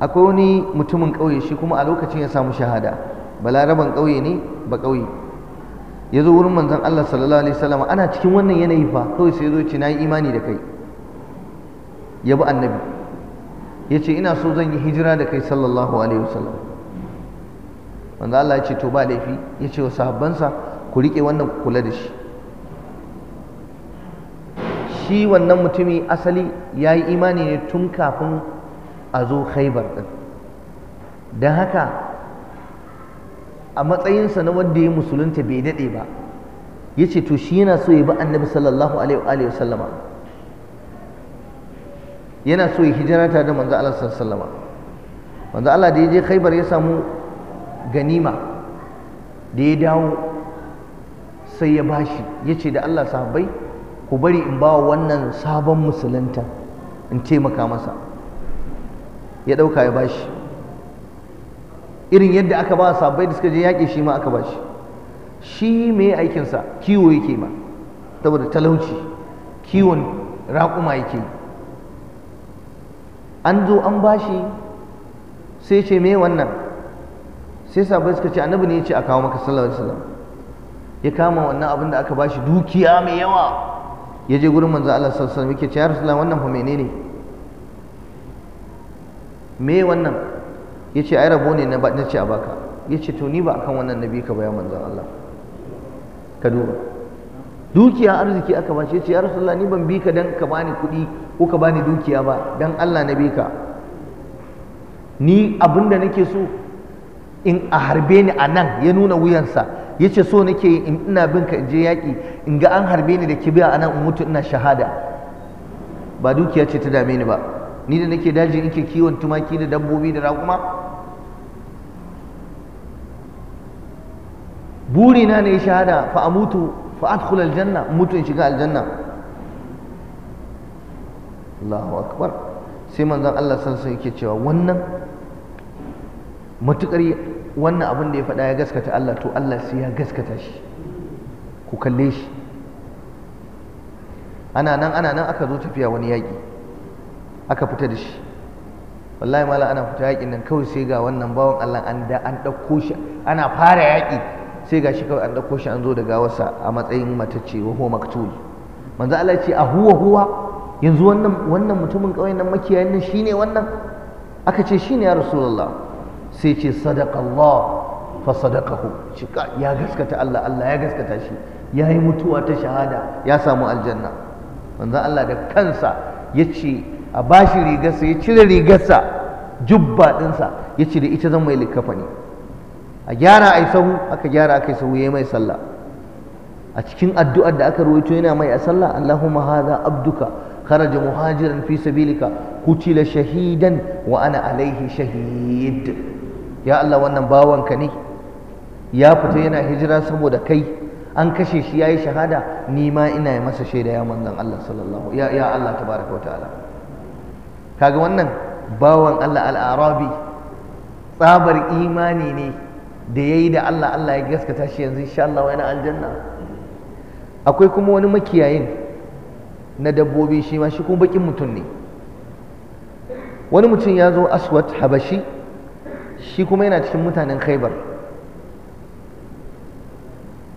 akwai wani mutumin ƙauye shi kuma a lokacin ya samu shahada balaraban ƙauye ne ba ƙauye ya zo wurin manzon Allah sallallahu alaihi wasallam ana cikin wannan yanayi fa kawai sai ya zo ce nayi imani da kai ya bi annabi ya ce ina so zan yi hijira da kai sallallahu alaihi wasallam manzon Allah ya ce to ba laifi ya ce wa sahabbansa ku rike wannan ku kula da shi shi wannan mutumi asali ya yi imani ne tun kafin a zo khaibar din don haka a matsayinsa na wanda ya musulunta bai daɗe ba ya ce to shi yana so ya bi annabi sallallahu alaihi wasallama yana so ya hijira tare da manzo Allah sallallahu alaihi manzo Allah da ya je Khaibar ya samu ganima da ya dawo sai ya bashi ya ce da Allah sahabbai ku bari in ba wannan sabon musulunta in taimaka masa ya ɗauka ya bashi irin yadda aka ba sabbai da suka je yaƙi shi ma aka ba shi shi me aikinsa kiwo yake ma saboda talauci kiwon raƙuma yake an zo an ba shi sai ce me wannan sai sabbai suka ce annabi ne ya ce a kawo maka sallallahu alaihi wasallam ya kama wannan abin da aka ba shi dukiya mai yawa ya je gurin manzo Allah sallallahu alaihi wasallam yake ce ya rasulullah wannan fa menene me wannan Ya ce ai rabo ne na ce a baka Ya ce to ni ba akan wannan nabi ka bayan manzan Allah ka duba dukiya arziki aka ba shi ce ya rasulullah ni ban bi ka dan ka bani kuɗi ko ka bani dukiya ba dan Allah na bi ka ni abinda nake so in a harbe ni a nan ya nuna wuyansa ya ce so nake ina bin ka in je yaƙi in ga an harbe ni da kibiya a nan in mutu ina shahada ba dukiya ce ta dame ni ba ni da nake dajin ake kiwon tumaki da dabbobi da raƙuma burina ne shahada fa amutu fa adkhul aljanna mutu in shiga aljanna Allahu akbar sai manzon Allah sallallahu alaihi yake cewa wannan matukar wannan abin da ya faɗa ya gaskata Allah to Allah sai ya gaskata shi ku kalle shi ana nan ana nan aka zo tafiya wani yaƙi aka fita da shi wallahi mala ana fita yaƙin nan kawai sai ga wannan bawan Allah an da an ɗauko shi ana fara yaƙi sai ga shi kawai an ɗauko shi an zo da gawarsa a matsayin matacce wa huwa maktul manzo Allah yace a huwa huwa yanzu wannan wannan mutumin kauyen nan makiyayin nan shine wannan aka ce shine ya rasulullah sai ce sadaqallah fa sadaqahu cika ya gaskata Allah Allah ya gaskata shi ya yi mutuwa ta shahada ya samu aljanna manzo Allah da kansa ya ce a bashi rigarsa ya cire rigarsa jubba ɗinsa ya ce da ita zan mai likkafa a gyara a yi sahu aka gyara aka yi sahu ya mai sallah a cikin addu'ar da aka ruwaito yana mai a sallah Allahumma hadha abduka kharaja muhajiran fi sabilika kutila shahidan wa ana alaihi shahid ya Allah wannan bawanka ne ya fita yana hijira saboda kai an kashe shi ya yi shahada ni ma ina masa shaida ya manzan Allah sallallahu ya ya Allah tabaraka wa ta'ala kaga wannan bawan Allah al tsabar imani ne da ya yi da Allah Allah ya gaskata shi yanzu insha Allah wani aljanna akwai kuma wani makiyayin na dabbobi shi ma shi kuma bakin mutum ne wani mutum ya zo aswat habashi shi kuma yana cikin mutanen khaibar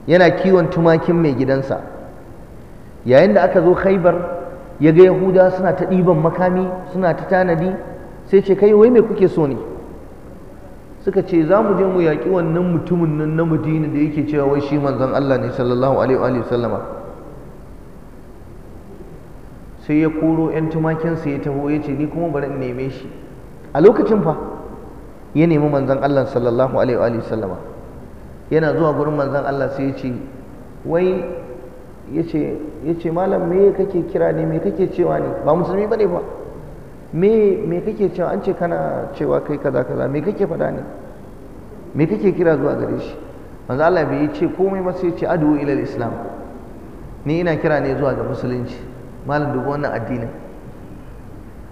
yana kiwon tumakin mai gidansa yayin da aka zo khaibar ya ga yahuda suna ta ɗiban makami suna ta tanadi sai ce kai wai me kuke so ne suka ce za mu je mu yaƙi wannan mutumin nan na madina da yake cewa wai shi manzon Allah ne sallallahu alaihi wa sallama sai ya koro 'yan tumakinsa ya taho ya ce ni kuma bari in neme shi a lokacin fa ya nemi manzon Allah sallallahu alaihi wa sallama yana zuwa gurin manzon Allah sai ya ce wai ya ce malam me kake kira ne me kake cewa ne ba musulmi bane ba me me kake cewa an ce kana cewa kai kaza kaza me kake faɗa ne me kake kira zuwa gare shi manzo Allah bai ce komai ba sai ce adu ila islam ni ina kira ne zuwa ga musulunci malam dubu wannan addinin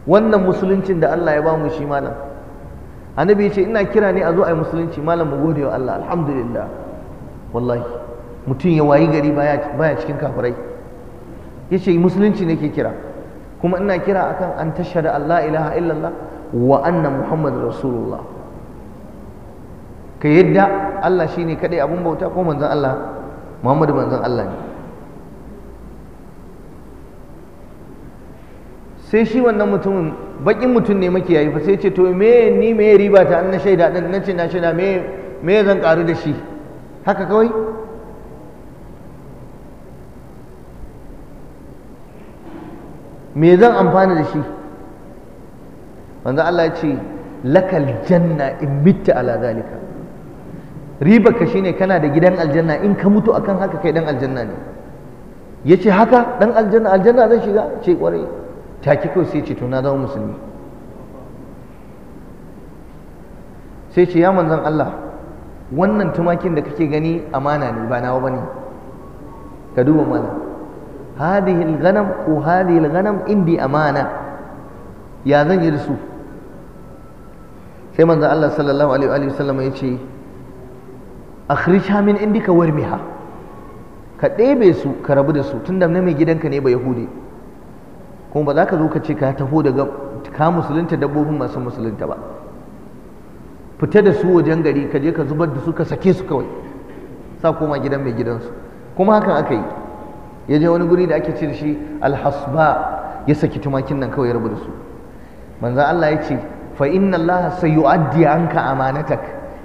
wannan musuluncin da Allah ya ba mu shi malam annabi ya ce ina kira ne a zo a yi musulunci malam mu gode wa Allah alhamdulillah wallahi mutum ya wayi gari baya cikin kafirai ya ce musulunci ne ke kira kuma ina kira akan an tashhadu Allah ilaha illallah wa anna Muhammadu rasulullah ka yadda Allah shine kaɗai, abun bauta ko manzon Allah Muhammadu manzon Allah ne sai shi wannan mutumin bakin mutum ne makiyayi fa sai ce to me ni me riba ta an na shaida din ce na shaida me me zan karu da shi haka kawai me zan amfana da shi wanda Allah ya ce lakal janna in mitta ala zalika ka shine kana da gidan aljanna in ka mutu akan haka kai dan aljanna ne yace haka dan aljanna aljanna zan shiga ce kwarai ki kawai sai ce to na zama musulmi sai ce ya manzon Allah wannan tumakin da kake gani amana ne ba nawa bane ka duba mana هذه الغنم وهذه الغنم عندي أمانة يا ذن يرسو سيما الله صلى الله عليه وآله وسلم يشي أخرجها من عندك وارمها ka ɗebe su ka rabu da su tunda na mai gidanka ne ba yahudi kuma ba za ka zo ka ce ka taho daga ka musulunta dabbobin masu musulunta ba fita da su wajen gari ka je ka zubar da su ka sake su kawai sa koma gidan mai gidansu kuma hakan aka yi ya je wani guri da ake ce da shi alhasba ya saki tumakin nan kawai ya rabu da su manzo Allah ya ce fa inna Allah sayu'addi anka amanatak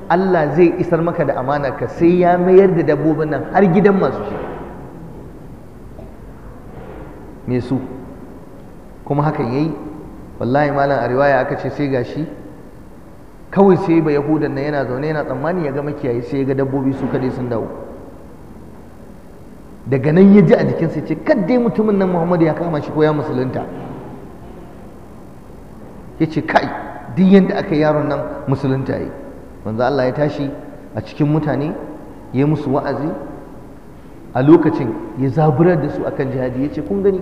Allah zai isar maka da ka sai ya mayar da dabbobin nan har gidan masu shi me su kuma hakan yayi wallahi malam a riwaya aka ce sai gashi kawai sai ba yahudan nan yana zaune yana tsammani ya ga makiyayi sai ya ga dabbobi su kadai sun dawo daga nan ya ji a jikinsa ce kaddai mutumin nan muhammadu ya kama shi ko ya musulunta ya ce kai duk yadda aka yi yaron nan musulunta yi wanzu Allah ya tashi a cikin mutane ya musu wa'azi a lokacin ya zaburar da su akan jihadi ya ce kun gani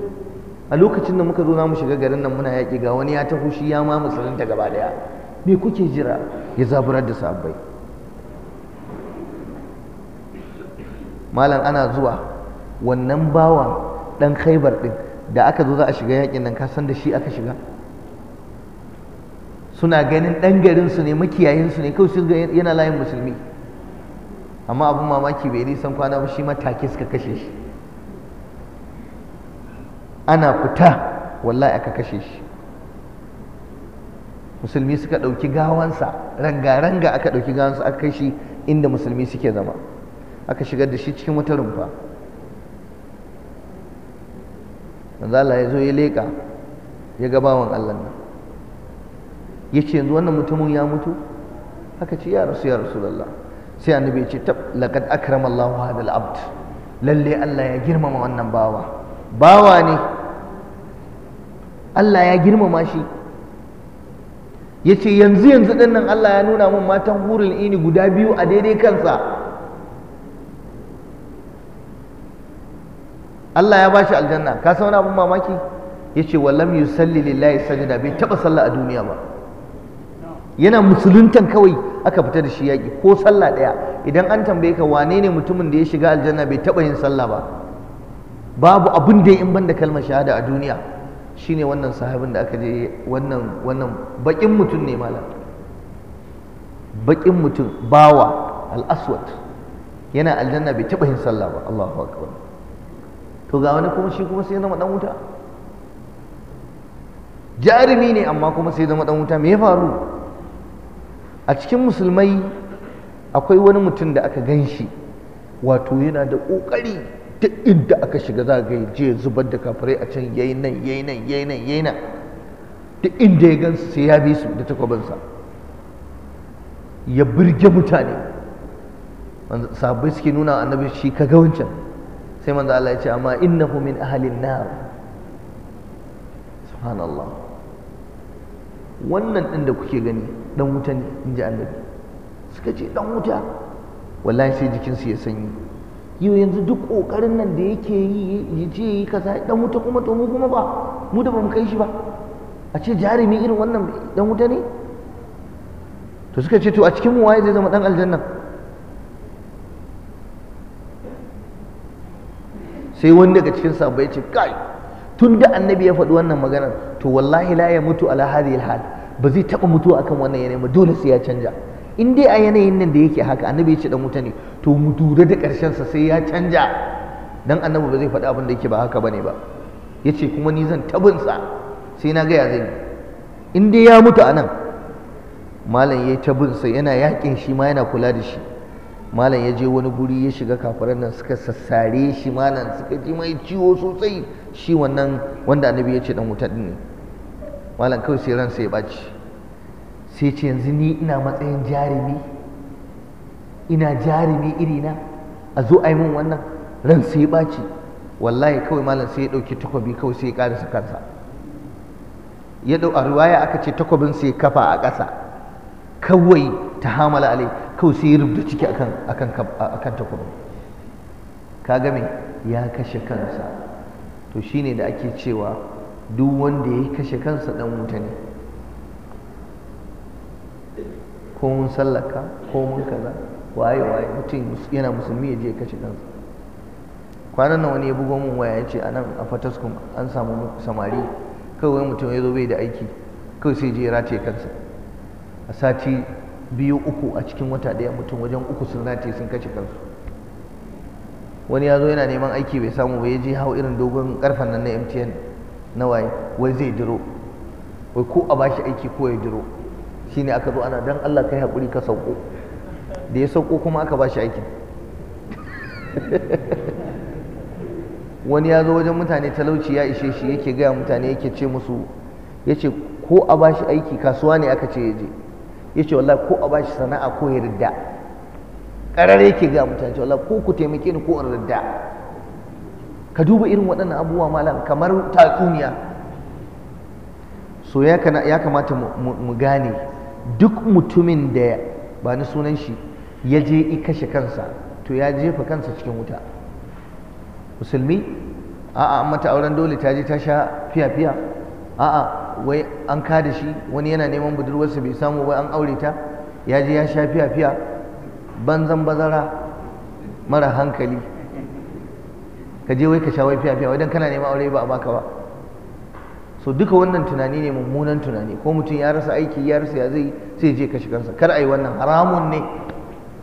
a lokacin da muka zo na mu shiga garin nan muna yaƙi ga wani ya taho shi ya ma musulunta gaba daya me kuke jira ya zaburar da sahabbai malam ana zuwa wannan bawa ɗan khaibar ɗin, da aka zo za a shiga yakin nan san da shi aka shiga suna ganin dan garin su ne makiyayin su ne kawai su yana layin musulmi amma abin mamaki bai nisan kwana ba shi ma take suka kashe shi ana fita wallahi aka kashe shi musulmi suka ɗauki gawansa ranga-ranga aka ɗauki gawansa aka kai shi inda musulmi suke zama aka shigar da shi cikin wata rumfa manzo Allah ya zo ya leka ya ga bawan Allah nan yace yanzu wannan mutumin ya mutu haka ce ya rasu ya rasulullah sai annabi ya ce tab laqad akrama Allahu hadal abd lalle Allah ya girmama wannan bawa bawa ne Allah ya girmama shi yace yanzu yanzu dinnan Allah ya nuna min matan hurul ini guda biyu a daidai kansa Allah ya ba shi aljanna ka san wani abun mamaki yace wallam yusalli lillahi sajada bai taba sallah a duniya ba yana musuluntan kawai aka fita da shi yaƙi ko sallah ɗaya idan an tambaye ka wane ne mutumin da ya shiga aljanna bai taɓa yin sallah ba babu abin da in banda kalmar shahada a duniya shine wannan sahabin da aka je wannan wannan baƙin mutum ne malam baƙin mutum bawa al-aswad yana aljanna bai taɓa yin sallah ba Allahu akbar to ga wani kuma shi kuma sai zama dan wuta jarumi ne amma kuma sai zama dan wuta me ya faru a cikin musulmai akwai wani mutum da aka gan shi wato yana da ƙoƙari duk inda aka shiga za ga je zubar da kafirai a can yayi nan yayi nan yayi nan yayi nan duk inda ya gan su sai ya bi su da sa ya birge mutane sabai suke nuna annabi shi kaga wancan sai manzo Allah ya ce amma innahu min ahlin nar subhanallah wannan din da kuke gani dan wuta ne inji annabi suka ce dan wuta wallahi sai jikinsu ya sanyi yau yanzu duk kokarin nan da yake yi ya ce yi kaza dan wuta kuma to mu kuma ba mu da bamu kai shi ba a ce jarumi irin wannan dan wuta ne to suka ce to a cikin mu waye zai zama dan aljanna sai wani daga cikin sahabbai ya ce kai tun da annabi ya faɗi wannan maganar to wallahi la ya mutu ala hadhihi hal ba zai taɓa mutuwa akan wannan yanayi ba dole sai ya canja in dai a yanayin nan da yake haka annabi ya ce dan wuta ne to mu dure da ƙarshen sa sai ya canja dan annabi ba zai faɗi abin da yake ba haka bane ba yace kuma ni zan tabin sa sai na ga ya zai in dai ya mutu anan malam yayi tabin sa yana yakin shi ma yana kula da shi malam ya je wani guri ya shiga kafiran nan suka sassare shi malam suka ji mai ciwo sosai shi wannan wanda annabi ya ce dan wuta din ne malam kawai sai ransa ya baci sai ce yanzu ni ina matsayin jarumi ina jarumi irina a zo a yi min wannan ran sai ya baci wallahi kawai malam sai ya ɗauki takobi kawai sai ya ƙarisa kansa ya ɗau a ruwaya aka ce takobin sai kafa a ƙasa kawai ta hamala alai kawai sai ya rubuta ciki akan kan akan Ka kaga ya kashe kansa to shine da ake cewa duk wanda ya kashe kansa dan wuta ne ko mun sallaka ko mun kaza waye waye mutum yana musulmi ya je kashe kansa kwanan nan wani ya bugo mun waya ya ce a nan a fataskum an samu samari kawai mutum ya zo bai da aiki kawai sai je ya rataye kansa a sati biyu uku a cikin wata ɗaya mutum wajen uku sun nace sun kashe kansu wani ya zo yana neman aiki bai samu ba ya je hau irin dogon karfan nan na mtn na waye wai zai diro wai ko a bashi aiki ko ya diro shine aka zo ana dan Allah kai hakuri ka sauko da ya sauko kuma aka bashi aiki <laughs> wani ya zo wajen mutane talauci ya ishe shi yake gaya mutane yake ce musu yace ko a bashi aiki kasuwa ne aka ce ya je yace wallahi ko a bashi sana'a ko ya ridda ƙarar yake ga mutane cewa ko ku taimake ni ko in ridda ka duba irin waɗannan abubuwa malam kamar tatsuniya so ya kamata mu gane duk mutumin da ba ni sunan shi ya je i kashe kansa to ya jefa kansa cikin wuta musulmi a'a mata auren dole ta je ta sha fiya-fiya a'a wai an kada shi wani yana neman budurwarsa bai samu wai an aure ta ya je ya sha fiya fiya banzan bazara mara hankali ka je wai ka sha wai fiya fiya wai dan kana neman aure ba a baka ba so duka wannan tunani ne mummunan tunani ko mutum ya rasa aiki ya rasa ya zai sai je kashe kansa kar a yi wannan haramun ne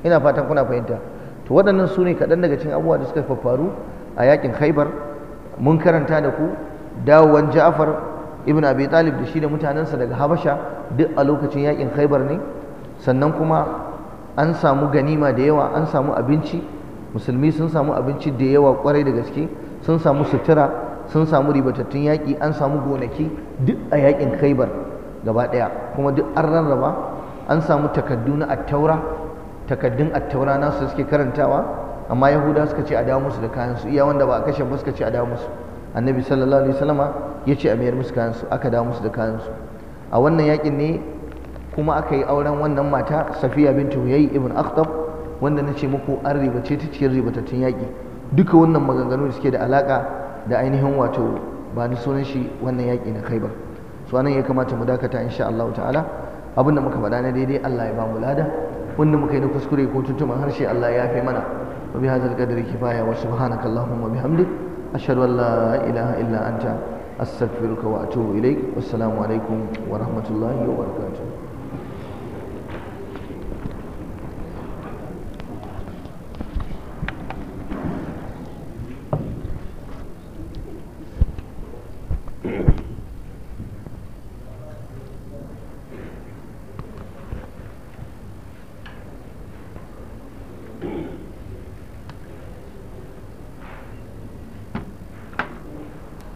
ina fatan kuna fahimta to waɗannan su ne kaɗan daga cikin abubuwa da suka faru a yakin khaibar mun karanta da ku dawowan ja'far ibn abi talib da shi da mutanensa daga habasha duk a lokacin yakin khaibar ne sannan kuma an samu ganima da yawa an samu abinci musulmi sun samu abinci da yawa kwarai da gaske sun samu sutura sun samu ribatattun yaƙi an samu gonaki duk a yakin khaibar gaba ɗaya kuma duk an rarraba an samu takaddu na attaura takaddun attaura nasu suke karantawa amma yahuda suka ce a dawo musu da kayan su iya wanda ba a kashe ba suka ce a dawo musu annabi sallallahu alaihi wasallama ya ce a mayar musu kayansu aka dawo musu da kayansu a wannan yakin ne kuma aka yi auren wannan mata safiya bintu huyayi ibn akhtab wanda na ce muku an ribace ta cikin ribatattun yaƙi duka wannan maganganu da suke da alaka da ainihin wato ba ni sunan shi wannan yaki na kai so anan ya kamata mu dakata insha Allah ta'ala abin da muka faɗa na daidai Allah ya ba mu lada wanda muka yi na kuskure ko tuntuman harshe Allah ya yafe mana wa bi hadzal qadri kifaya wa subhanakallahumma wa bihamdika ashhadu an la ilaha illa anta astaghfiruka wa atubu ilaik wassalamu alaikum wa rahmatullahi wa barakatuh